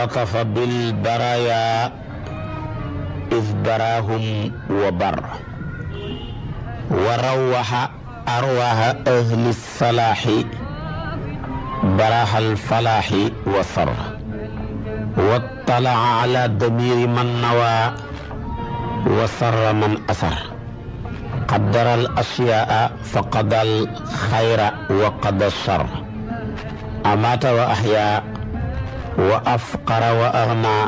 ولطف بالبرايا إذ براهم وبر وروح أرواح أهل الصلاح براح الفلاح وصر واطلع على ضمير من نوى وصر من أسر قدر الأشياء فقد الخير وقد الشر أمات وأحيا وأفقر وأغنى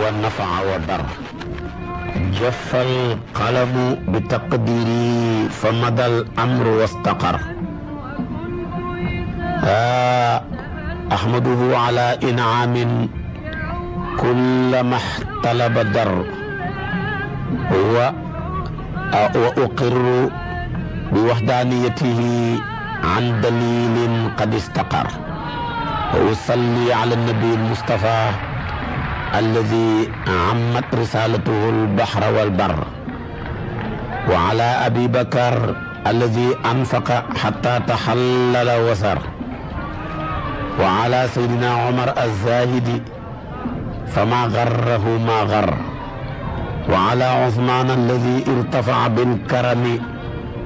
ونفع وضر جف القلم بتقديري فمضى الأمر واستقر أحمده على إنعام كلما احتلب در وأقر بوحدانيته عن دليل قد استقر وصلي على النبي المصطفى الذي عمت رسالته البحر والبر وعلى أبي بكر الذي أنفق حتى تحلل وسر وعلى سيدنا عمر الزاهد فما غره ما غر وعلى عثمان الذي ارتفع بالكرم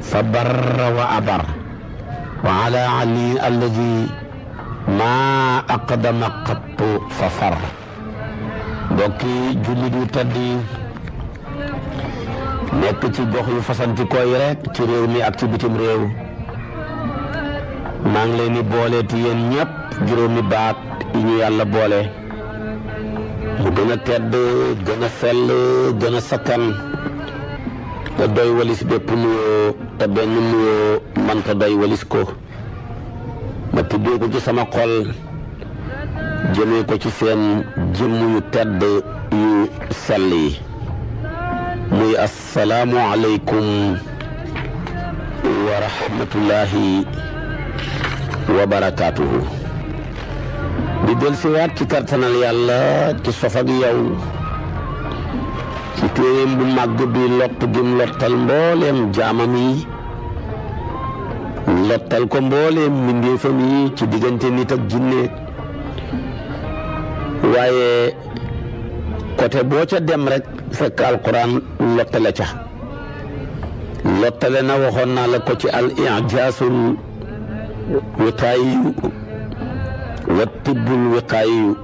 فبر وأبر وعلى علي الذي maa aqdama qattu fa far mbokki jullit yu tedd yi nekk ci gox yu fasanti koy rek ci réew mi ak ci bitim réew maa ngi leen di booleeti yéen ñëpp juróomi baat yi ñu yàlla boole mu gën a tedd gën a sell gën a sakkan doy walis bépp nuyoo te benn nuyoo manta doy walis ko ma tuddee ko ci sama xol jëmee ko ci seen jëmm yu tedd yu sell muy assalaamu aleykum wa rahmatullahi wa barakaatuhu di delsiwaat ci kartanal yàlla ci sof ak ci téeréem bu màgg bi lott gim lottal mbooleem jaamam yi lottal ko mbooleem mbindéefam yi ci diggante nit ak jinne waaye côté boo ca dem rek fekk alquran lottale ca lottale na waxoon naa la ko ci al ijaasul wiqaayiyu wa tibbul wiqaayiyu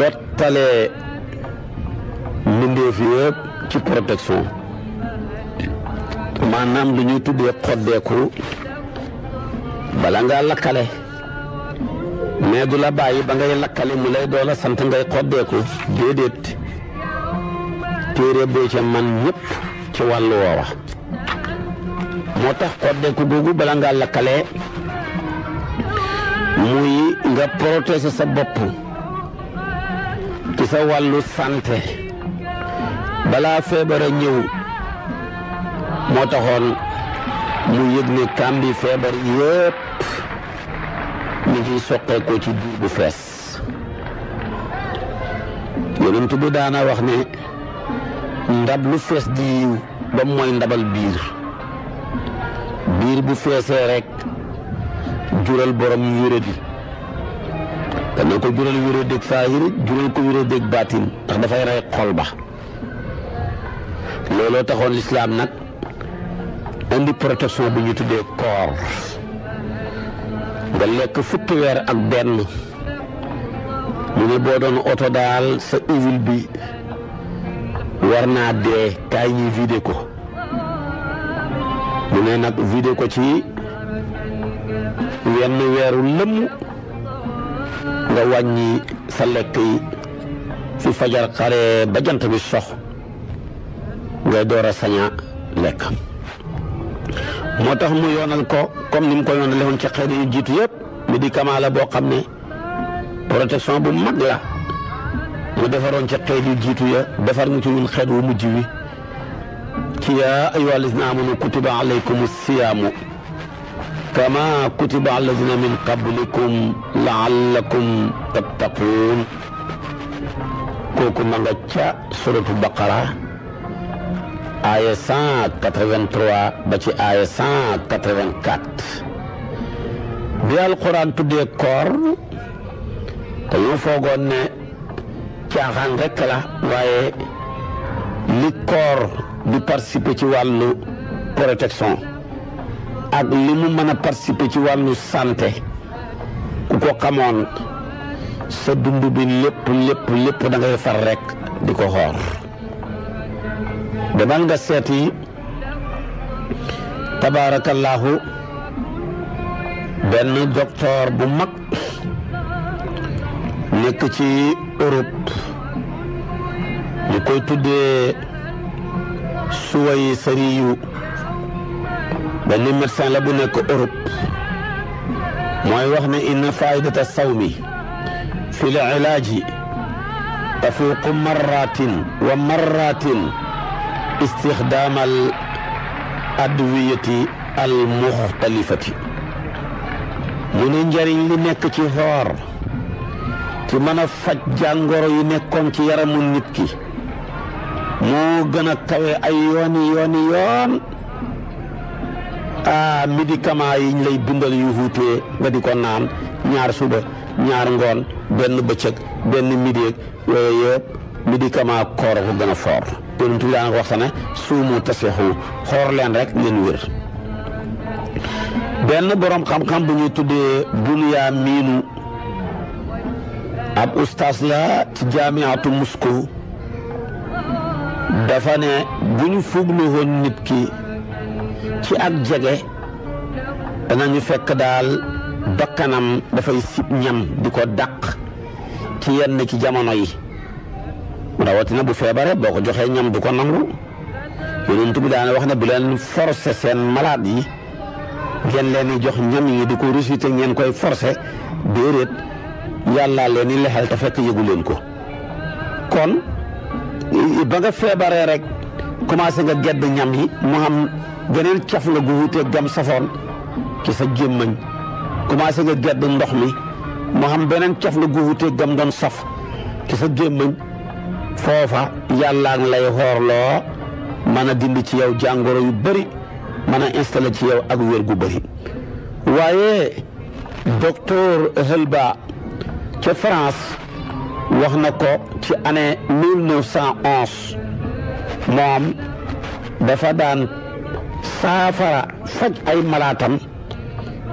lottale mbindéef yëpp ci protection maanaam lu ñuy tuddee xoddeeku bala ngaa lakkale mais du la bàyyi ba ngay lakkale mu lay doola sant ngay xoddeeku déedéet téere ca man ñëpp ci wàllu woowa moo tax xoddeeku googu bala ngaa lakkale muy nga protéger sa bopp ci sa wàllu santé balaa feebar a ñëw moo taxoon mu yëg ne kàmbi feebar yépp mu ngi soqeekoo ci biir bu fees yonent bi daana wax ne ndab lu fees di yiw ba mooy ndabal biir biir bu feesee rekk jural borom wéradi dana ko jural wéradég saahir jural ko wéradég baatin ndax dafay rey xol ba looloo taxoon lislaam nag indi protection bu ñu tuddee koor nga lekk fukki weer ak benn mu ne boo doon oto daal sa huile bi war naa dee kaay ñi vidé ko mu ne nag vidé ko ci wenn weeru lëmm nga wàññi sa lekk yi fi fajar xare ba jant bi sox ngay door a saña lekk motax mu yonal ko comme nim ko yoonale woon ci xeet jitu yëpp médicament di kamala bo xamné protection bu mag la mu defaron ci xeet jitu ya defar ñu ci ñun xeet wu mujj wi ki ya ayyuha allazina amunu kutiba alaykumus siyam kama kutiba allazina min qablikum laallakum tattaqun koku ma nga ca suratul baqara aaya 183 ba ci aaya 184 bi alquran tuddee koor dañoo foogoon ne caaxaan rekk la waaye li koor di participer ci wàllu protection ak li mu mën a ci wàllu santé ku ko xamoon sa dund bi lépp lépp lépp da ngay far rekk di ko xoor demal nga seeti tabaarakallaahu benn docteur bu mag nekk ci Europe ñu koy tuddee suway sariyu benn médecin la bu nekk Europe mooy wax ne inna faidata sawmi fi l ilaaji tafuuqu marratin wa marratin istixdaam al adwiyati al muxtalifati mu ne njariñ li nekk ci xoor ci mën a faj jàngoro yu nekkoom ci yaramu nit ki moo gën a kawe ay yooni yooni yoon a ah, médicament yiñ lay bindal yu wuutee nga di ko naan ñaar suba ñaar ngoon benn bëccëg benn midi yooyu yëpp médicament koor ko gën a foor yonent bi daanaka wax ne suumu tasixu xoor leen rek ngeen wér. benn borom xam-xam bu ñuy tuddee Bunyaaminu ab ustaas la ci jaamiatu musko dafa ne bu ñu fuglu woon nit ki ci ak jege danañu fekk daal bakkanam dafay sib ñam di ko dàq ci yenn ci jamono yi. rawatina bu feebaree boo ko joxee ñam du ko nangu yonent bi daana wax na bu leen forcer seen malade yi ngeen leen di jox ñam yi di ko réciter ngeen koy forcer déedéet yàllaa leen di lexal te fekk yëgu leen ko kon ba nga feebaree rek commencé nga gedd ñam yi mu am beneen caf nga gu wuteeg gam safoon ci sa gémmañ commencé nga gedd ndox mi mu am beneen caf nga gu wuteeg gam doon saf ci sa gémmañ foofa yàllaa ngi lay xoorloo mën a dindi ci yow jàngoro yu bëri mën a ci yow ak wér gu bëri waaye docteur Helba ca France wax na ko ci année mille neuf cent moom dafa daan saafara faj ay malaatam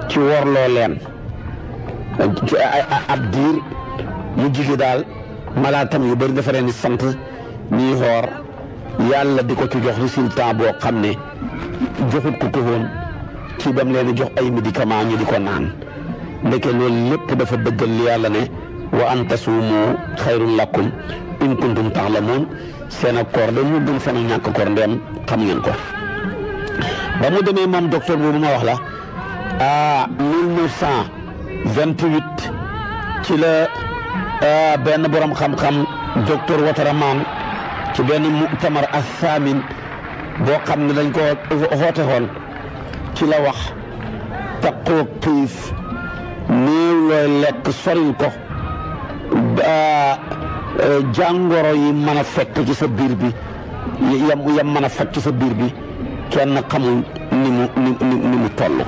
ci worloo leen ci ab diir mu jigi daal malaatam yu bëri dafa leen di sant ñuy xoor yàlla di ko ci jox résultat boo xam ne joxut ko ko woon ci bam leen di jox ay médicament ñu di ko naan ndeke loolu lépp dafa dëggal li yàlla ne wa am tasuumu xayrun lakum in kuntum taxlamuun seen ak koor dañu gën seen ak ñàkk koor ndeem xam ko ba mu demee moom docteur boobu ma wax la ah ci la Euh, benn borom xam-xam docteur Wataraman ci benn muktamar ak saamin boo xam ne dañ ko xoote xoon ci la wax taqoog piis néew looy lekk soril ko euh, jàngoro yi mën a fekk ci sa biir bi yam yam mën a fekk ci sa biir bi kenn xamul ni mu ni mu ni mu toll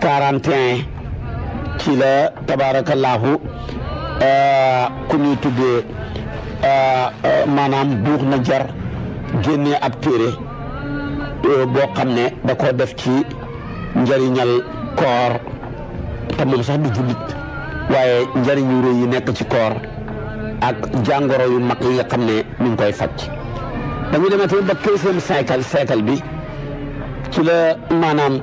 quarante et ci la tabaarakallaahu euh, ku ñuy tuddee euh, euh, maanaam buux na jar génnee ab téere boo xam ne da koo def ci njariñal koor te moom sax du jullit waaye njëriñu rëy yi nekk ci koor ak jàngoro yu mag yi nga xam ne mi koy faj dañu demate ba quinzième bi ci la maanaam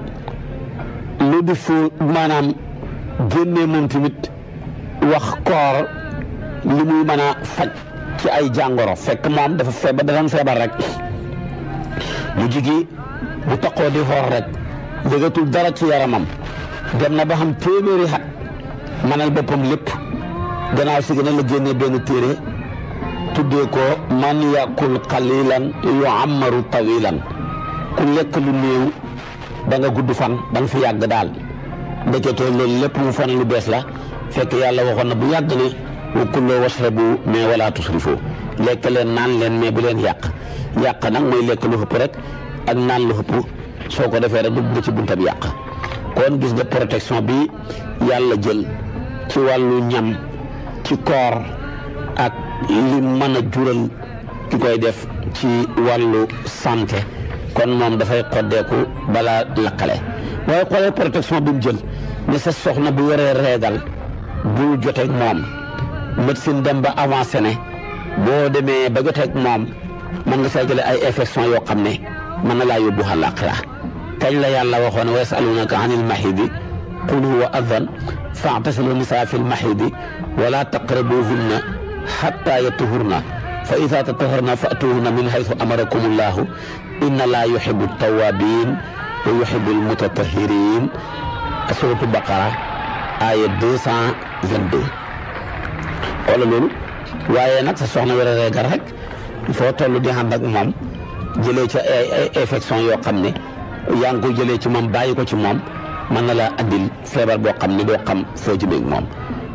lu di fu maanaam génnee mom timit wax koor li muy mëna fajj ci ay jàngoro fekk mom dafa feebar da doon rek mu jigi bu taqo di xoor rek yëgatul dara ci yaramam dem na ba xam téeméeri ha manal bopam lepp gannaaw si gëna la téré tuddé ko man yaqul qalilan yu tawilan ku lekk lu neew da nga gudd fan da nga fi yag dal ndeketoo loolu lépp mu foog lu bees la fekk yàlla waxoon na bu yàgg ne wa kuloo wasrabu mais wala tusrifu lekk leen naan leen mais bu leen yàq yàq nag mooy lekk lu xëpp rek ak naan lu xëpp soo ko defee rek dugg nga ci buntab yàq kon gis nga protection bi yàlla jël ci wàllu ñam ci koor ak li mën a jural ki koy def ci wàllu santé kon moom dafay xoddeeku balaa lakkale waaye xoolee protection bi mu jël ni sa soxna bu yoree reegal bul joteeg moom médecine dem ba avancé ne boo demee ba joteeg moom mën nga saa jële ay infection yoo xam ne mën na laa yóbbu àllaaxira kañ la yàlla waxoon wa yasalunaka anil mahidi qul huwa adan faatasilu nisaa fi lmahidi wala taqrabuhunna xatta yatuhurna fa ida tataharna fatuhunna min haythu amarakum llahu inna laa yuhibbu tawaabiin wa yuhibbul mutatahhiriin suratu baqara aaya deux cent vingt-deux wala loolu waaye nag sa soxna wéraree gar rek foo toll di ànd ak moom jëlee ci ay infection yoo xam ne yaa ngi koy jëlee ci moom bàyyi ko ci moom mën na laa andil feebar boo xam ne doo xam foo ci bëgg moom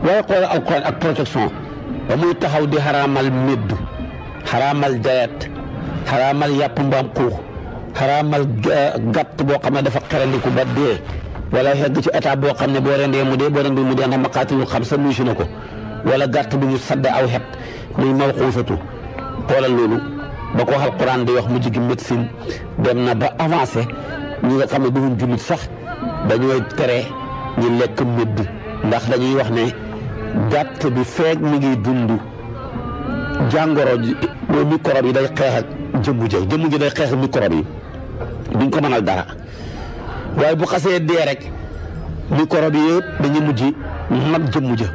waaye xool alxuraan ak protection ba muy taxaw di xaraamal médd xaraamal deret xaraamal yàpp mbaam xuux xaraamal gàtt boo xam ne dafa xerandiku ba dee wala xegg ci état boo xam ne boo rendee mu dee boo rendee mu dee ndax maqaatilul xam sa nuyu na ko wala gàtt bu ñu sadd aw xet muy mawquufatu xoolal loolu ba ko waxal Quran di wax mu jigi médecine dem na ba avancé ñi nga xam ne duñu jullit sax dañooy tere ñu lekk mëdd ndax dañuy wax ne gàtt bi feeg mi ngi dund jàngoro ji mooy microbe yi day xeex ak jëmm ja jëmm ji day xeex ak microbe yi duñ ko mënal dara waaye bu xasee dee rek microbe yi yëpp dañuy mujj mag jëmm ja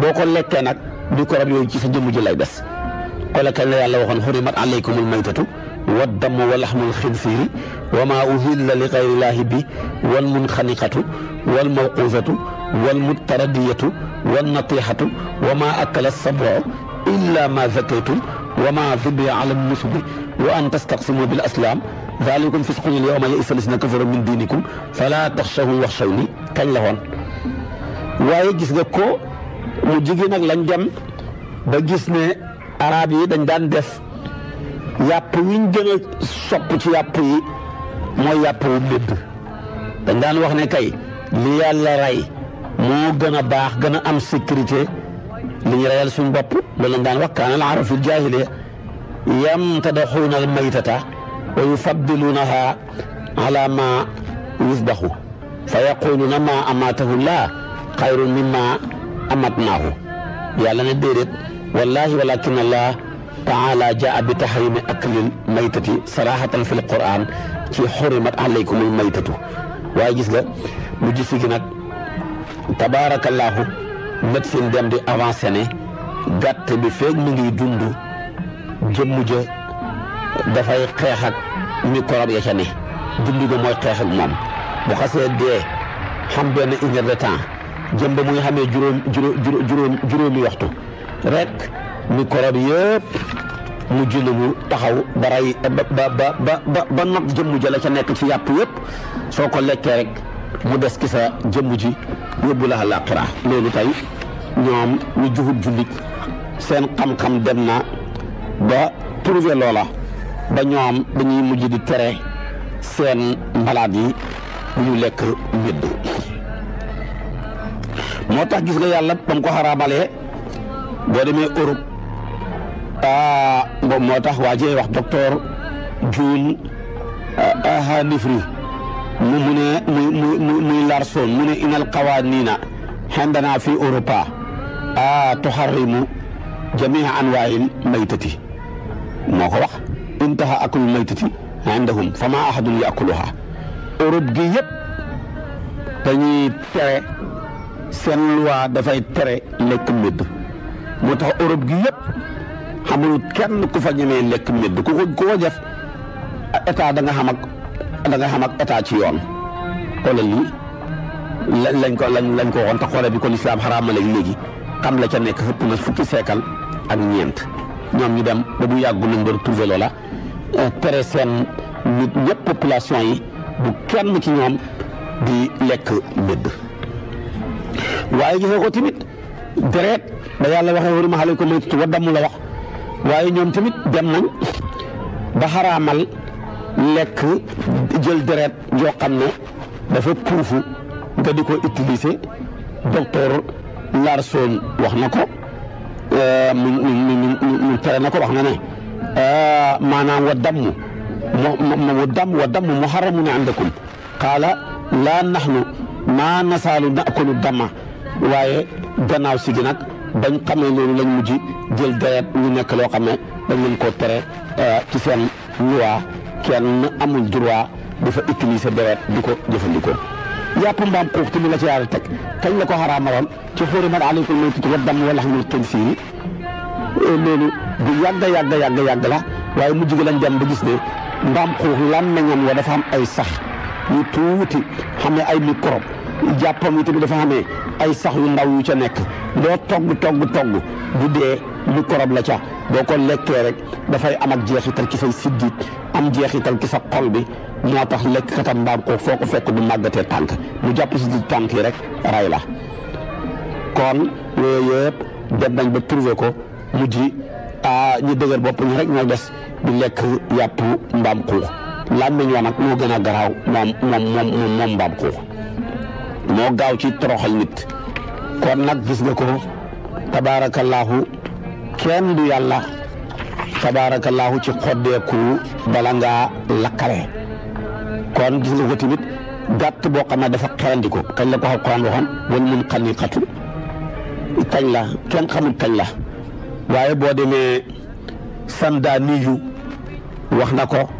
boo ko lekkee nag microbe yooyu ci sa jëmm ji lay des xoola kañ la yàlla waxoon xurimat aleykumul maytatu wa damu wa laxmul xinsiiri wa maa uhilla li gayrillaahi bi wa munxaniqatu wal mawquusatu wal mutaradiyatu wal natiixatu wa maa akala sabro إلا ما زكيتم وما ذبي على النسب وأن تستقسموا بالأسلام ذلكم فسق اليوم يئس الذين كفروا من دينكم فلا تخشوه واخشوني كان لهون واي جيس نكو مو جيغي نك لان جام با جيس ني عربي دنج دان ديس ياب وين جينا سوب تي مو ياب و ميد دان واخ كاي لي يالا مو غنا باخ غنا ام من ريال سون بوب لولن دان وكان العرب في الجاهليه يمتدحون الميتة ويفضلونها على ما يذبح فيقولون ما أماته الله خير مما أمتناه يا لنا والله ولكن الله تعالى جاء بتحريم أكل الميتة صراحة في القرآن كي حرمت عليكم الميتة واجس له تبارك الله médecine dem di avancé ne gàtt bi feeg mu ngi dund jëmm ja dafay xeex ak microbe ya ca ne dund ga mooy xeex ak moom bu xasee dee xam benn une heure de temps jëm ba muy xamee juróom juróom juróomi waxtu rek microbe yëpp mujj na mu taxaw ba ba ba ba ba ba jëmm ja la ca nekk ci yàpp yëpp soo ko lekkee rek. mu des ki sa jëmm ji yóbbu la àllaaxira loolu tey ñoom ñu juhut jullit seen xam-xam dem na ba prouver loola ba ñoom dañuy mujj di tere seen malade yi bu ñu lekk mbedd moo tax gis nga yàlla ba mu ko xaraabalee boo demee Europe ah, moo tax waa jee wax docteur Jules ah, ah, Hanifry mu mu ne muy muy muy larson mu ne inal qawaaniina xendana fi Europa a tuxarrimu jamiica anwaa'il maytati moo ko wax intaha aklu maytati indahum fa ma ahadun yaakuluha Europe gi yëpp dañuy tere seen loi dafay tere lekk médd moo tax Europe gi yëpp xamul kenn ku fa ñemee lekk médd ku ko ku ko def état da nga xam ak da nga xam ak état ci yoon xoolal lii lañ lañ ko lañ lañ ko waxoon te xoolal bi ko lislaam xaraamale léegi xam la ca nekk ëpp na fukki seekal ak ñeent ñoom ñu dem ba bu yàggu nañ doon trouver loola euh, tere seen nit ñëpp population yi bu kenn ci ñoom di lekk mbëdd waaye tamit deret ba yàlla waxee waruma ko maytutu wa damm la wax waaye ñoom tamit dem nañ ba xaraamal lekk jël deret yoo xam ne dafa kuufu nga di ko utiliser docteur Larson wax na ko euh, mu mu tere na ko wax na ne euh, maanaam wa damm mu wa damm wa damm muharramun indakum qaala laa nahnu maa nasaalu naakulu damma waaye gannaaw si gi nag bañ xamee loolu lañ mujj jël deret ñu nekk loo xam ne dañ leen koo tere euh, ci seen loi kenn amul droit dafa utiliser deret du ko jëfandikoo yàpp mbaam xuux tamit la ci yàlla teg kañ la ko xaraamaloon ci xurimat aleykum maytatu wa dam wal lahmul xinsiiri eh, loolu bu yàgg yàgg yàgg yàgg la waaye mujj gi lañ dem ba gis ne mbaam xuux làmmeñam wa dafa am ay sax yu tuuti xam ne ay microbe jàppam itu dafa xamé ay sax yu ndaw yu ca nek do togg togg togg bu dé lu korob la ca boko lekké rek da fay am ak jeexital ci fay siddit am jeexital ci sa xol bi moo tax lekk katam ba ko foko fek du màggatee tank mu japp ci di rek ray la kon yooyu yëpp dem nañ ba trouver ko mujj a ah, ñu dëgël bop ñu rek ñoo dess di lek yapp mbam ko làmmiñ wa nag moo gën a mom mom mom moom moom moo gaaw ci toroxal nit kon nag gis nga ko tabaarakallaahu kenn du yàlla tabaarakallaahu ci xoddeeku bala ngaa lakkale kon gis nga ko tamit gàtt boo xam ne dafa xerandiku kañ la ko alquran waxoon wal mun xaniqatu kañ la kenn xamul kañ la waaye boo demee Sandaaniyu wax na ko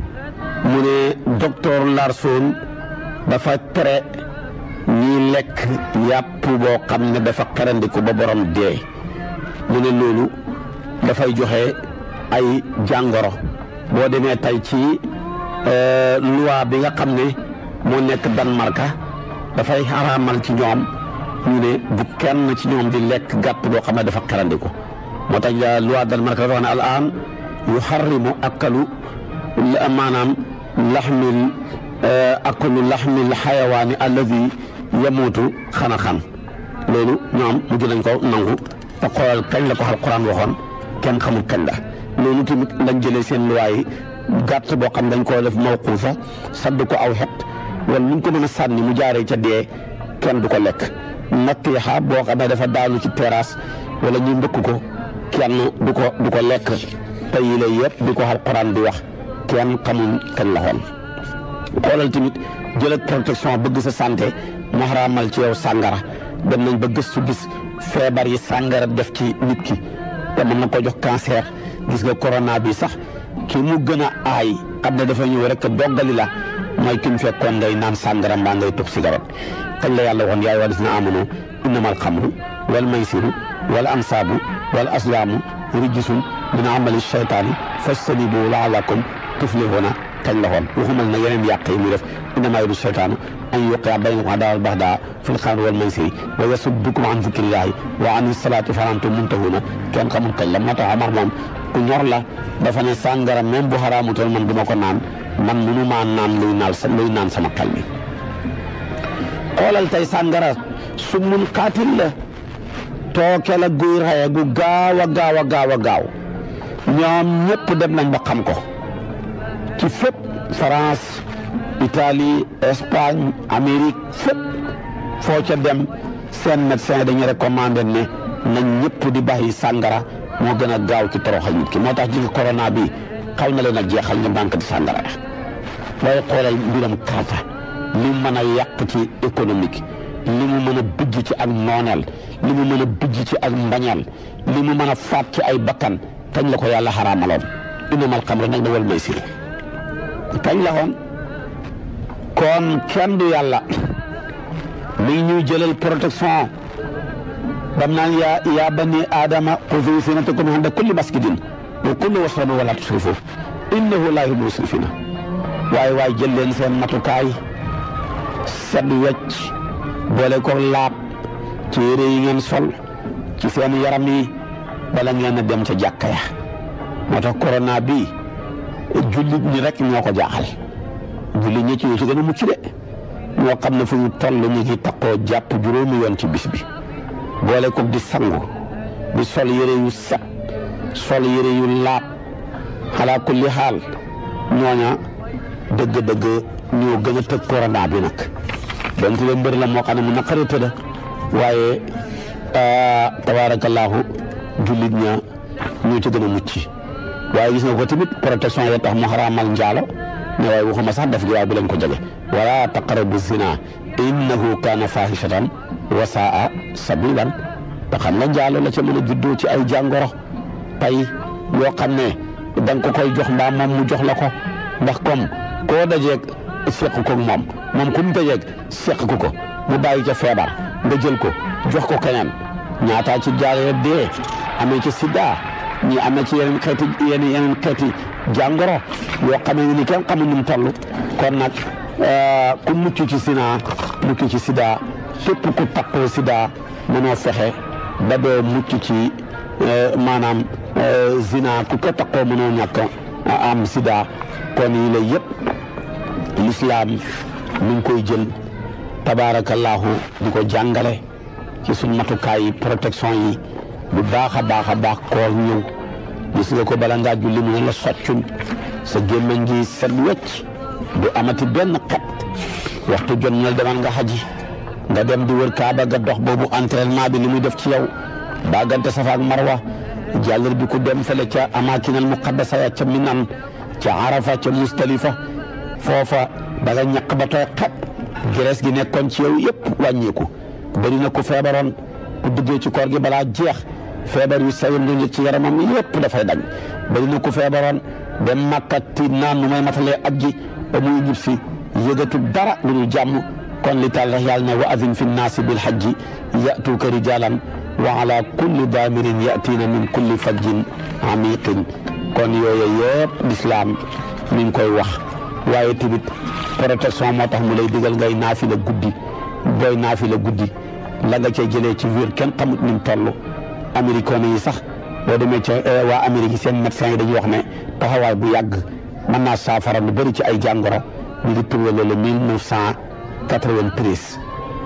mu ne docteur Larson dafa tere ñuy lekk yàpp boo xam ne dafa xarandiku ba borom dee ñu ne loolu dafay joxe ay jàngoro boo demee tey ci euh, loi bi nga xam ne moo nekk Danemark dafay xaraamal ci ñoom ñu ne bu kenn ci ñoom di lekk gàpp boo xam ne dafa xarandiku moo tax loi Danemark dafa wax ne al yu xarrimu akkalu maanaam laxmil euh, akkalu yamuutu xana xam loolu ñoom mujj nañ ko nangu te xoolal kañ la ko alquran waxoon kenn xamul kañ la loolu tamit lañ jëlee seen luwaay gàtt boo xam dañ koo def mawquufa sadd ko aw xet wala ñu ko mën a sànni mu jaaree ca dee kenn du ko lekk natiixa boo xam ne dafa daanu ci teraas wala ñu ndëkk ko kenn du ko du ko lekk te yi la yëpp di ko alquran di wax kenn xamul kañ la xool xoolal tamit jëlal protection bëgg sa santé mu xaraamal ci yow sàngara dem nañ ba gëstu gis feebar yi sàngara def ci nit ki te mën na ko jox cancer gis nga corona bi sax ki mu gën a ay xam ne dafa ñëw rek doggali la mooy ki mu fekkoon ngay naan sàngara mbaa ngay tux cigarette kañ la yàlla waxoon yaay walis na amono innamal xamru wal maysiru wal ansaabu wal aslaamu rijisun min amali cheytaani fajtanibu laalakum tuflihuna kañ la xoon waxumal na yeneen yàq yi muy def innamaa yuridu cheytaanu an yuqia baynakum adaawal baxdaa fil xamri wal maysiri wa yasuddukum an zikrillahi wa an salaati fa antum muntahuna kenn xamul kañ la moo tax Omar moom ku ñor la dafa ne sàngara même bu xaraamutoon man du ma ko naan man munu maa naan luy naan luy naan sama xel mi xoolal tey sàngara su mun xaatil la tooke la guy raye gu gaaw a gaaw a gaaw a gaaw ñoom ñëpp dem nañ ba xam ko ci fépp France Italie Espagne Amérique fépp foo ca dem seen médecin dañu recommandé ne nañ ñëpp di bàyyi sàngara moo gën a gaaw ci toroxal nit ki moo tax jigi corona bi xaw na leen a jeexal ñu banque di sàngara ya waaye xoolal mbiram karta li mu mën a yàq ci économique li mu mën a bijj ci ak nooneel li mu mën a bijj ci ak mbañeel li mu mën a faat ci ay bakkan kañ la ko yàlla xaraamaloon innamal xamra nag da wal maysir kañ kon kenn du yàlla li ñuy jëlal protection bam naan yaa yaa bani aadama xuzu zinatakum inda kulli masjidin wa kulu washrabu wala tusrifu innahu laa yuhibbul musrifina waaye waaye jël seen matukaay set wecc boole ko laab ci yére yi ngeen sol ci seen yaram yi bala ngeen a dem ca jàkka ya moo bi jullit ñi rek ñoo ko jaaxal julli ñi ci ñu ci gën a mucc de ñoo xam ne fu ñu toll ñu ci taqoo jàpp juróomi yoon ci bis bi boole ko di sangu di sol yére yu set sol yére yu laab xalaa kulli xaal ñooña dëgg-dëgg ñoo gën a tëg corona bi nag donte de mbër la moo xam ne mu naqari tëdda waaye ah, tabaarakallaahu jullit ña ñoo ci gën a mucc waaye gis nga ko tamit protection ya tax mu xaraamal njaalo ne waaye waxuma sax def gi waaye bu leen ko jege wala taqrabu zina innahu kaana fahishatan wa saa sabilan te xam nga njaalo la ca mën ci ay jàngoro pay yoo xam ne da ko koy jox mbaa mu jox la ko ndax comme koo dajeeg ko moom moom ku mu dajeeg seq ko ko mu bàyyi ca feebar nga jël ko jox ko keneen ñaataa ci jaaree dee amee ci sida ñii am na ci yeneen xeeti yenn yeneen xeeti jàngoro yoo xamee ni kenn xamul nu mu toll kon nag euh, ku mucc ci sida mucc ci sida képp ku takkoo sida mënoo fexe ba mucc ci euh, maanaam euh, zina ku ko takkoo mënoo ñàkk am sida kon yi la yëpp lislaam mi koy jël tabaarakallaahu di ko jàngale ci suñ matukaay yi yi bu baax a baax a baax koor ñëw gis nga ko bala ngaa julli mu ne la soccul sa gémmiñ gi set wecc du amati benn xet waxtu jot na demal nga xaji nga dem di wër kaaba ga dox boobu entraînement bi ni muy def ci yow baagante safa ak marwa jàllar bi ku dem fële ca amaakinal muqaddasa ya ca minan ca arafa ca mustalifa foofa da nga ñaq ba tooy xet gres gi nekkoon ci yow yëpp wàññeeku bëri ku feebaroon ku duggee ci koor gi balaa jeex feebar yu sayul ñu ci yaramam yépp dafay dañ bari na ku feebaroon dem màkkati naan nu may matalee aj ji ba muy jib si yëgatu dara lu dul jàmm kon li tax yàlla ne wa azin bi nnaasi bil hajji yatuuka rijaalan wa ala kulli daamirin yatiina min kulli fajjin amiqin kon yooyu yëpp lislaam mi koy wax waaye tamit protection moo tax mu lay digal ngay naafi la guddi booy naafi la guddi la nga cay jëlee ci wér kenn xamut ni mu américains yi sax boo demee ca waa Amérique seen médecins yi dañuy wax ne taxawaay bu yàgg mën naa saafara lu bëri ci ay jàngoro ñu ngi trouvé loolu mille neuf cent quatre-vingt-treize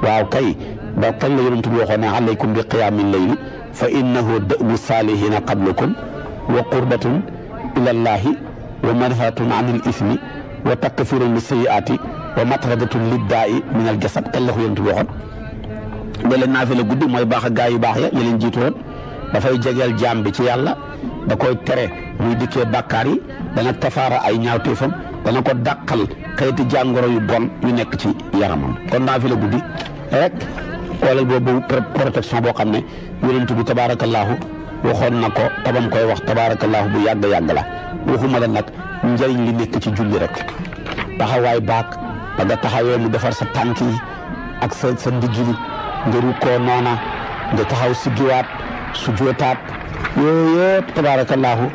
waaw kay ba kañ la yonent bi waxoon ne alaykum bi qiyaamil layli fa innahu da'bu saalihiina qablakum wa qurbatun ila llahi wa manhatun anil ismi wa takfirun li sayyi'aati wa matradatun liddaa'i min al jasad kañ la ko yonent bi waxoon. léeg-léeg naafila guddi mooy baax ak gaa yu baax ya ya leen jiitu woon dafay jegeel jaam bi ci yàlla da koy tere muy dikkee bàkkaar yi dana tafaara ay ñaawteefam dana ko dàqal xeeti jàngoro yu don yu nekk ci yaramam kon naa fi la guddi rek wala boobu protection boo xam ne yonent bi tabaarakallaahu waxoon na ko tabam koy wax tabaarakallaahu bu yàgg yàgg la waxuma la nag njëriñ li nekk ci julli rek taxawaay baak ba nga taxawee mu defar sa tànk yi ak sa sa ndigg yi nga rukkoo noona nga taxaw si su jootaat yooyu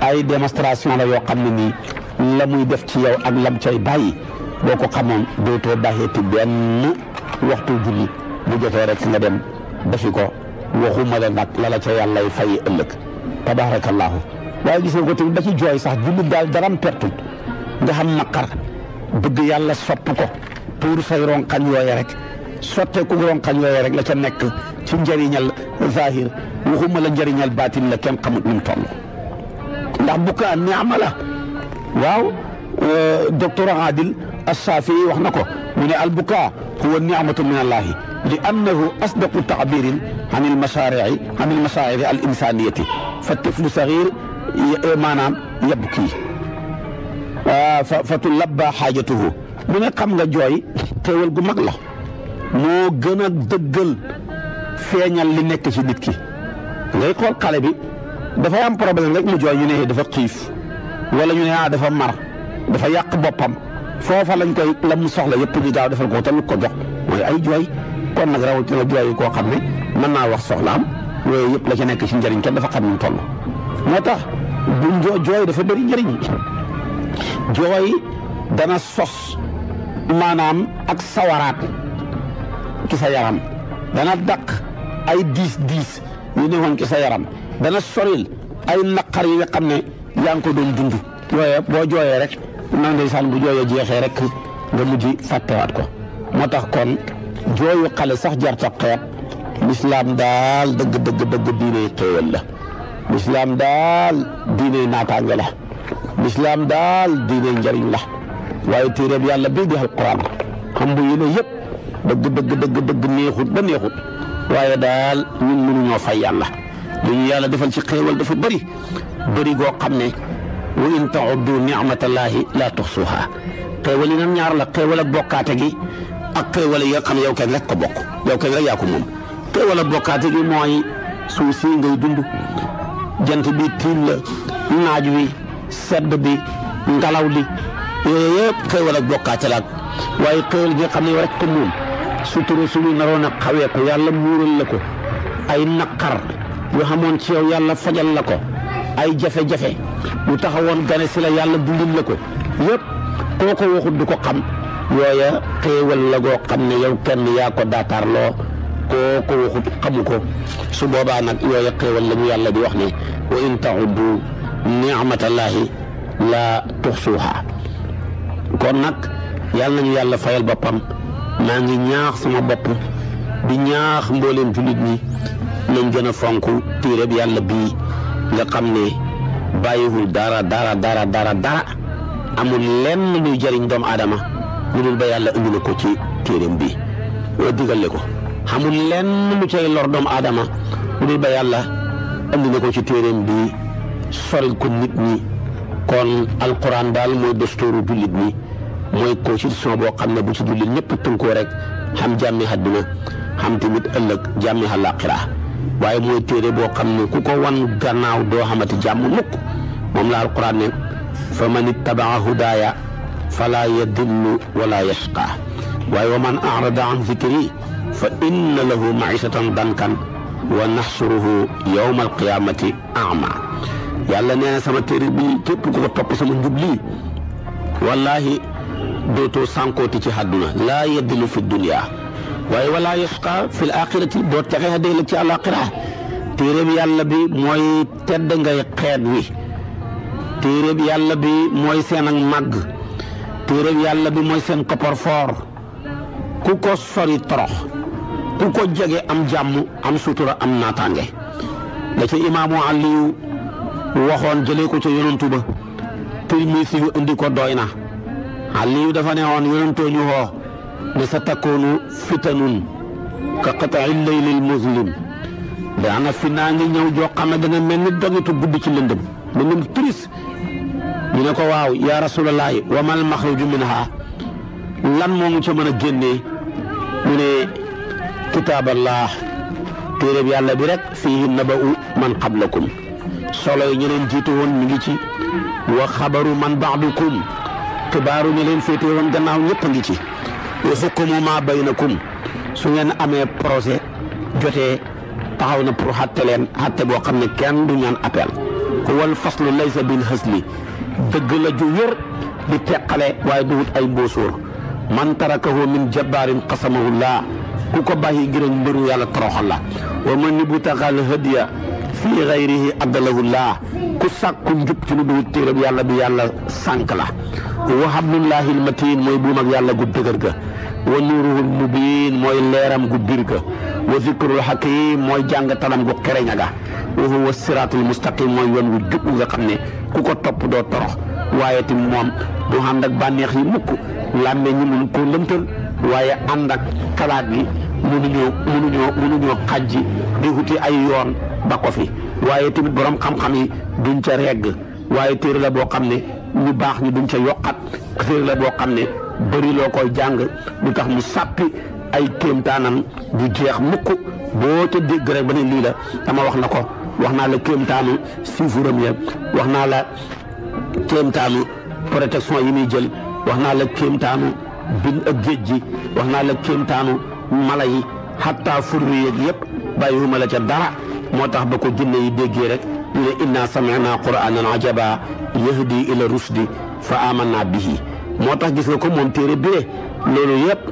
ay démonstration la yoo xam ni nii la muy def ci yow ak lam cay bàyyi boo ko xamoon dootoo bàyyeeti benn waxtu julli bu jotee rek nga dem defi ko waxuma la nag la la ca yàllay fay ëllëg tabaarakallaahu waaye gis nga ko tamit ba jooy sax jullit daal daram pertut nga xam naqar bëgg yàlla sopp ko tuur say ronkañ yooya rek sotteeku bu doon xañ yooyu rek la ca nekk ci njëriñal zahir waxuma la njëriñal baatin la kenn xamut ni mu toll ndax bukkaa neama la waaw docteur Adil Assaafi wax na ko mu ne al bukaa huwa niamatu min allahi li annahu asdaqu tacbirin an il masaarici an il masaarici al insaniyati fa tiflu sagir maanaam yabkii fa tulabba xaajatuhu mu ne xam nga jooy xéewal gu mag la moo gën a dëggal feeñal li nekk ci nit ki ngay xool xale bi dafay am problème rek mu jooy ñu ne dafa xiif wala ñu ne ah dafa mar dafa yàq boppam foofa lañ koy la mu soxla yëpp ñu daaw defal ko te lu ko jox mooy ay jooy kon nag rawatina jooy yi koo xam ne mën naa wax soxlaam yooyu yëpp la ci nekk ci njëriñ kenn dafa xam ñu toll moo tax bu jooy dafa bëri njëriñ jooy dana sos maanaam ak sawaraat ci sa yaram dana dàq ay diis diis yu newoon ci sa yaram dana soril ay naqar yi nga xam ne yaa ngi ko doon dund yooye boo jooyee rek na ndeysaan bu jooyee jeexee rek nga mujj fàttewaat ko moo tax kon jooyu xale sax jarta xeeb lislaam daal dëgg dëgg dëgg diiney xéewal la lislaam daal diiney naataange la lislaam daal diiney njariñ la waaye téeréb yàlla bii di alquran xam bu yéene yëpp dëgg dëgg dëgg dëgg neexut ba neexut waaye daal ñun mënuñoo fay yàlla li ñu ci xéewal dafa bëri bëri goo xam ne wa in ta'uddu ni'matallaahi laa tuxsuha xéewal yi nag ñaar la xéewal ak bokkaate gi ak xéewal yi nga xam ne yow kenn rek ko bokk yow kenn rek yaa ko moom xéewal ak bokkaate gi mooy suuf si ngay dund jant bi tiim la naaj wi sedd bi ngalaw li yooyu yëpp ak bokkaate la waaye xéewal gi nga xam ne yow rek ko moom sutura suñu naroon a xawee ko yàlla muural la ko ay naqar yu xamoon ci yow yàlla fajal la ko ay jafe-jafe bu taxawoon gane si la yàlla dundal la ko yëpp koo ko waxut ko xam yooya xéewal la xam ne yow kenn yaa ko daataarloo koo ko waxut xamu ko su boobaa nag yooya xéewal la ñu yàlla di wax ne wa in taxuddu ni'matallahi la tuxsuuha kon nag yàlla nañu yàlla fayal boppam maa ngi ñaax sama bopp di ñaax mbooleem jullit ñi nañ gën a fonk téereb yàlla bii nga xam ne bàyyiwul dara dara dara dara dara amul lenn luy jëriñ doomu aadama lu dul ba yàlla indi na ko ci téereem bi digale ko xamul lenn lu cay lor doomu aadama ba yàlla indi na ko bi soril ko nit ñi kon alquran daal mooy dostoru jullit ñi moy constitution bo xamne bu ci jullit ñëpp tënkoo rek xam jàmmi haduna xam tamit ëlëk jàmmi halaqira waye moy téré bo xamne ku ko wan gannaaw do xamati jàmm mukk mom la alquran ne fa man ittabaa hudaya fala yadillu wala yashqa waye wa man arada an zikri fa inna lahu maishatan dankan wa nahshuruhu yawm alqiyamati ama yàlla neena sama téré bi képp ku ko top sama njub li wallahi dootoo sànkooti ci àdduna laa yaddilu fi dunya waaye wala yasqa fi l axirati texee dee la ci àlaxira téeréb yàlla bi mooy tedd yàlla bi mooy seen ak màgg téeréb yàlla bi mooy seen koporfoor ku ko sori torox ku ko jege am jàmm am sutura am naataange da ca imaamu Aliyu waxoon jële ko ca yonantu ba pirmisi yu indi ko doy na Aliyu defa ne woon yonantoo ñu woo ne sa takkoonu fitanun ka qata'i laylil muslim daana fi naa ngi ñëw joo xam ne dana mel ni dogitu guddi ci lëndëm lëndëm turis ñu ne ko waaw yaa rasulallaahi wa mal maxruju minha lan moomu ca mën a génnee mu ne kitaaballah téeréb yàlla bi rek fiihi naba'u man qablakum solo yi ñeneen jiitu woon mi ngi ci wa xabaru man baax ba'dukum xibaaru ñu leen féete woon gannaaw ñëpp a ngi ci xukumu maa baynakum su ngeen amee projet jotee taxaw na pour xatte leen xatte boo xam ne kenn du ñaan appel wal faslu laysa bil hasli dëgg la ju wér di teqale waaye du wut ay mbóosóor man tarakahu min jabbaarin qasamahu laa ku ko bàyyi ngir mbëru yàlla toroxal la wa man ibtaxal hadiya fii xayrihi addalahu ku sàkku njub ci lu dul téerab yàlla bi yàlla sànq la wa hablullahi almatin mooy buum yàlla gu dëgër ga wa nuuruhul mubiin mooy leeram gu bir ga wa zikrul hakiim mooy jàng talam gu xereña ga wa huwa siraatul mustaqim mooy yoon wu jub nga xam ne ku ko topp doo torox waaye tim moom du ànd ak bànneex yi mukk làmmee ñi mun koo waaye ànd ak xalaat bi mënuñoo mënuñoo mënuñoo xajji di wuti ay yoon ba ko fi waaye tamit borom xam-xam yi duñ ca regg waaye téere la boo xam ne ñu baax ñu duñ ca yokkat téere la boo xam ne bëri loo koy jàng du tax mu sàppi ay kéemtaanam du jeex mukk boo ca dégg ba ne lii la dama wax na ko wax naa la kéemtaanu siifuram ya wax naa la kéemtaanu protection yi muy jël wax naa la kéemtaanu bin ak géej gi wax naa la kéemtaanu mala yi xatta furru yeeg yëpp bàyyiwuma la ca dara moo tax ba ko jinne yi déggee rek ñu ne inna sami'na qur'anan ajaba yahdi ila rusdi fa amanna bihi moo tax gis nga ko moom téere bire loolu yëpp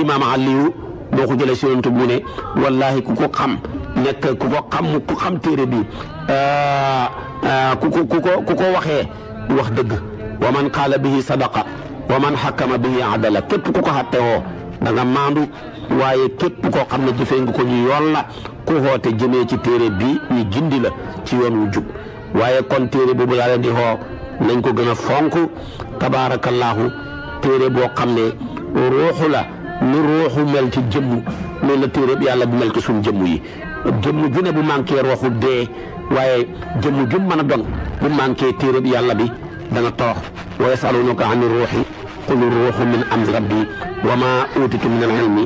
imaam Aliyu boo ko jëlee si yonent mu ne wallahi ku ko xam nekk ku ko xam ku xam téere bi euh, euh, ku ko ku ko ku ko waxee wax dëgg wa man qaala bihi sadaqa wa man xakkama bihi adala képp ku ko xatte woo danga nga maandu waaye képp koo xam ne jëfee nga ko ñu yoon la ku xoote jëmee ci téere bi ñu gindi la ci yoon wu jub waaye kon téere boobu laa leen di xoo nañ ko gën a fonk tabaarakallaahu téere boo xam ne ruuxu la ni ruuxu mel ci jëmm noonu na téere bi yàlla bu mel ci suñ jëmm yi jëmm ju ne bu manqué ruuxu dee waaye jëmm ju mën a doon bu manqué téere bi yàlla bi dana toox wa yasalunaka ani ruuxi qul ruuxu min amri rabbi wa maa uutitu min al ilmi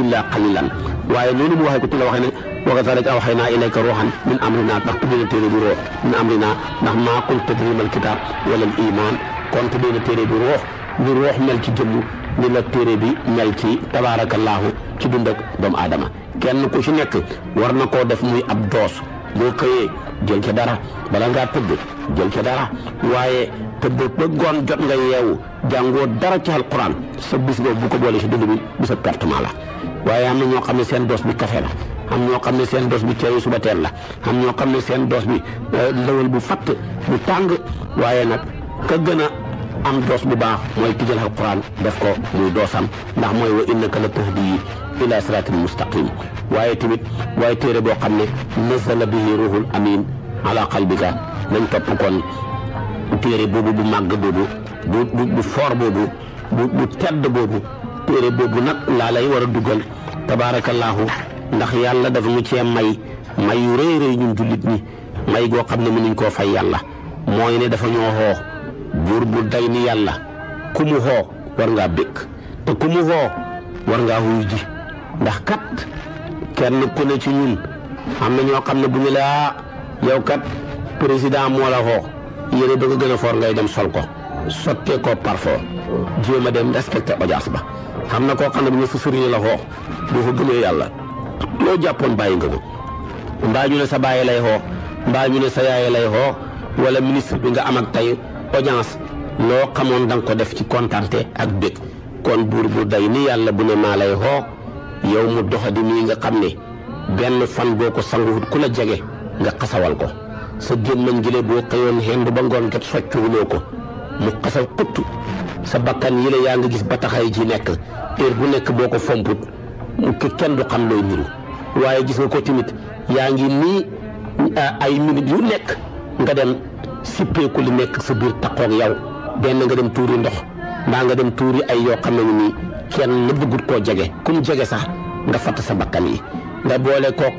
illaa qalilan waaye noonu mu waxee ko ci la waxee ne wa kazaalika awxaynaa ilayka ruuxan min amrinaa ndax tuddee na téere bi ruux min amrinaa ndax maa qul tadrimal kitaab wala al iman kon tuddee na téere bi ruux ni ruux mel ci jëmm ni la téere bi mel ci tabaarakallaahu ci dund ak doomu aadama kenn ku ci nekk war na koo def muy ab doos boo xëyee jël ca dara bala ngaa tëdd jël ca dara waaye tëdd ba ngoon jot nga yeewu jàngoo dara ci alquran sa bis boobu bu ko boole si dund bi bisa pertement la waaye am na ñoo xam ne seen dos bi kafe la am ñoo xam ne seen dos bi ceeyu suba teel la am ñoo xam ne seen dos bi euh, lëwal bu fatt bu tàng waaye nag ka gën a am doos bu baax mooy ki jël alquran def ko muy doosam ndax mooy wa innaka la tahdi ila siraatin mustaqim waaye tamit waaye téere boo xam ne nazala bihi ruuhul amiin ala qalbika nañ topp kon téere boobu bu màgg boobu bu bu bu foor boobu bu bu tedd boobu téere boobu nag laa lay war a dugal tabaarakallaahu ndax yàlla dafa ñu cee may may yu rëy rëy ñun jullit ñi may goo xam ne mënuñ koo fay yàlla mooy ne dafa ñoo xoo buur bu day ni yàlla ku xoo war ngaa békk te ku xoo war ngaa wuy ndax kat kenn ku ne ci ñun am na ñoo xam ne bu ñu laa yow kat président moo la xoo yére ba ko gën a for ngay dem sol ko sottee ko parfo jéem a dem respecté audience ba xam na koo xam ne bu ñu sa sëriñ la xoo bu fa gëmee yàlla loo jàppoon bàyyi nga ko mbaa ñu ne sa bàyyi lay xoo mbaa ñu ne sa yaay lay xoo wala ministre bi nga am ak tey audience loo xamoon da nga ko def ci kontante ak bég kon buur bu day ni yàlla bu ne maa lay xoo yow mu doxadi nii nga xamne ne benn fan boko ko ku la jage nga xassawal ko sa gémmañ gile bo xeyon hend ba ngoon kat soccu ko mu xassal xutt sa bakkan yi la ya nga gis taxay ji nek heure bu nek boko fomput mu kenn du xam loy niru waye gis nga ko timit ya ngi ni ay minute yu nek nga dem ko li nek sa takko ak yow ben nga dem touri ndox ba nga dem touri ay yo xamna ni kenn bëggut ko jégé ku mu jege sax nga fat sa bakkan yi nga boole kook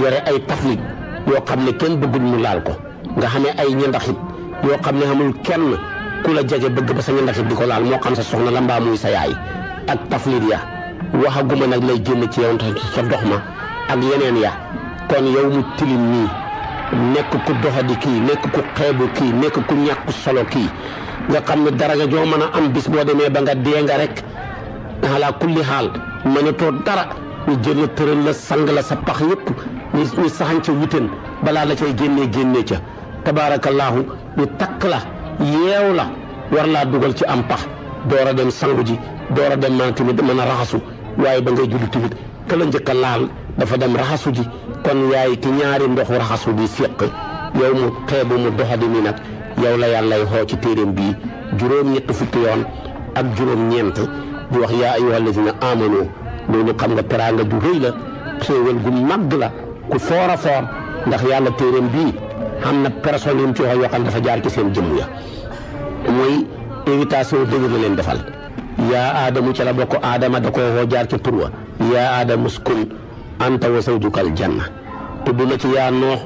yoré ay taflik yo xamné kenn bëggul mu laal ko nga xamee ay ñandaxit yoo xam ne amul kenn ku la jege bëgg ba sa ñandaxit di ko laal mo xam sa soxna la mbaa muy sa yaay ak taflit ya waxaguma nak lay génn ci yow sa doxma ak yenen ya kon yow mu tilim ni nek ku doxadi ki nek ku xébu ki nek ku ñàkk solo ki nga xamné dara nga am bis bo démé ba nga dé nga rek ala kulli xaal mënatoo dara ñu jël tëral la sang la sa pax yëpp ñu saxañ ca witen balaa la cay génne génne ca tabaarakallaahu ñu takk la yeew la war laa dugal ci am pax door a dem sangu ji door a dem man tamit mën a raxasu waaye ba ngay julli tamit ka la njëkk laal dafa dem raxasu ji kon yaay ki ñaari ndoxu raxasu di siq yow mu xeebu mu doxadi mi nag yow la yàllay xoo ci téeréem bii juróom-ñett fukki yoon ak juróom-ñeent di wax yaa ayyuha allazina amanu loolu xam nga teraanga ju rëy la xéewal gu màgg la ku foor a foor ndax yàlla téeréem bii xam na personne yu mu ci wax yoo xam dafa jaar ci seen jëmm ya mooy invitation dëgg la leen defal yaa aadamu ca la bokk aadama da ko woo jaar ci tur wa yaa aadamu uskun anta wa zawjukal janna tudd na ci yaa noox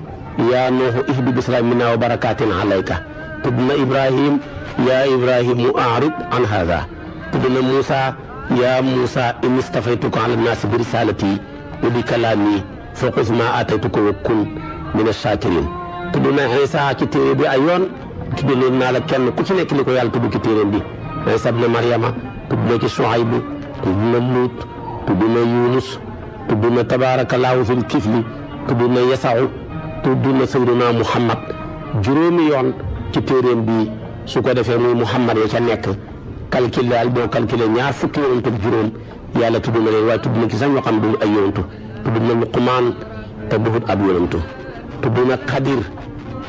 yaa nooxu ihbi bisra minna wa barakaatin alayka tudd na ibrahim yaa ibrahimu a'rid an haada tudd na Moussa yaa Moussa inni stafaytuka ala naasi bi risalati wa bi kalaami fa xuz maa aataytuka wa kun mina shakirin tudd na Isa ci téere bi ay yoon tuddaloon naa la kenn ku ci nekk li ko bi Isa ibn Maryama tudd na ci Shuayb tudd na Luut tudd na Yunus tudd na tabaarakallaahu fil kifli tudd na Yasaxu tudd na Sayyidina Muhammad juróomi yoon ci téeréem bi su ko defee muy Muhammad yo ca nekk calcul daal boo calculé ñaar fukki yonent ak juróom yàlla tudd leen waaye tudd na ci sax ñoo xam duñu ay yonentu tudd na Luqmaan te dufut ab yonentu tudd na Xadir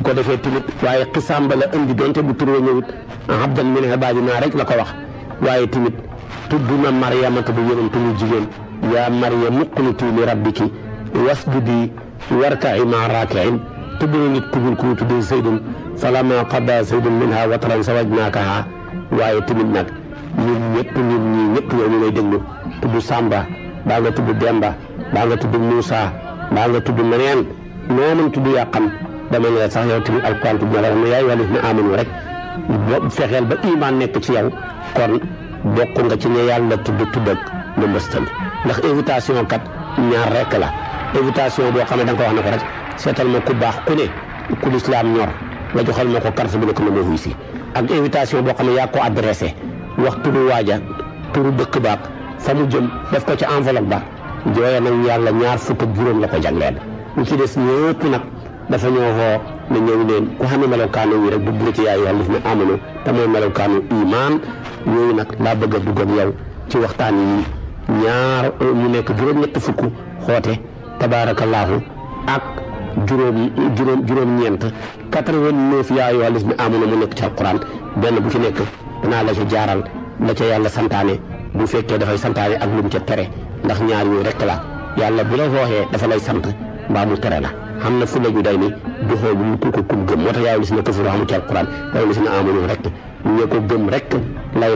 tamit waaye xisaam ba la indi donte bu tur ñëwut abdan min ibaadinaa rek la ko wax waaye tamit tudd na Maryama te du yonentu mu jigéen yaa Maryam uqnutii li rabbiki wasjudi warka'i ma'a raaki'iin tudd na nit ku ku tuddee Zaydun falammaa qadaa Zaydun minhaa wataran zawwajnaakahaa waaye tamit nag ñun ñëpp ñun ñii ñëpp yow ñu lay déglu tudd Samba baa nga tudd Demba baa nga tudd Moussa baa nga tudd Mariane noo mën tudd yaa xam dama ne sax yow tamit alquran tudd ma la ne yaay walif rek boo fexeel ba iman nekk ci yow kon bokk nga ci ne yàlla tudd tudd ak lu mbëstal ndax invitation kat ñaar rek la invitation boo xam ne da nga ko wax na ko rek seetal ma ku baax ku ne ku lislaam ñor nga joxal ma ko carte bi ne ko mën a si ak invitation boo xam ne yaa ko adressé wax turu waaja turu dëkk baak fa mu jëm def ko ca enveloppe ba jooya nañ yàlla ñaar fukk ak juróom la ko jagleel ñu ci des ñëpp nag dafa ñoo woo ne ñëw leen ku xam ne melokaanu yi rek bu bugg ci yaay yàlla na amanu te mooy melokaanu imaan yooyu nag laa bëgg a dugg ak yow ci waxtaan yi ñaar mu nekk juróom-ñett fukk xoote tabaarakallaahu ak juróom juróom juróom-ñeent quatre-vingt-neuf yaa ayyuhal lazina aamanu mu nekk ci alquran benn bu ci nekk danaa la ca jaaral la ca yàlla santaane bu fekkee dafay santaane ak lu ca tere ndax ñaar yooyu rekk la yàlla bu la waxee dafa lay sant mbaa mu tere la am na fu la ju day ni doxoo bu mu kuko kum gëm moo yaayu li si na këfaru amu ci alquran yaayu li si na amanu rek ñoo ko gëm rek lay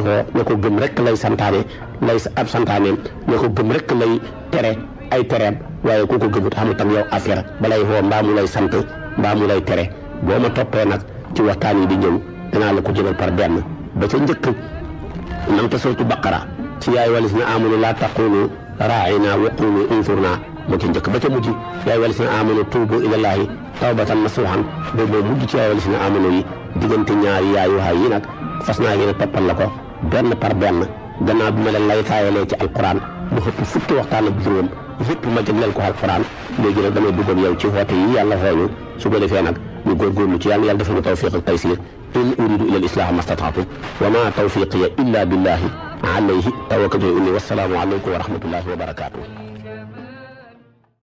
xoo ñoo ko ab santaaneem ko gëm rek lay tere ay tereem waaye ku ko gëmut xamul tam yow lay sant mbaa mu lay tere boo ma toppee nag ci waxtaan yi di ñëw danaa la ko jëlal par benn ba njëkk nam ta suratu baqara ci yaay wa qulu unzurna moo ci njëkk ba ca mujj yaa ayyuhal tuubu ilallaahi tawbatan nasuuhan boobu moo mujj ci yaa ayyuhal lazina aamanu yi diggante ñaari yaa ayyuha yi nag fas naa yéene toppal la ko benn par benn gannaaw bi ma leen lay taayalee ci alquran mu xëpp fukki waxtaan ak juróom yëpp ma jagleel ko alquran léegi nag ci woote yi yàlla xooñu su ko defee nag ñu góorgóorlu ci yàlla yàlla dafa ñu tawfiq ak taysir in uridu ila al islaah ma tawfiqiya illa billahi alayhi tawakkaltu inni wasalaamu aleykum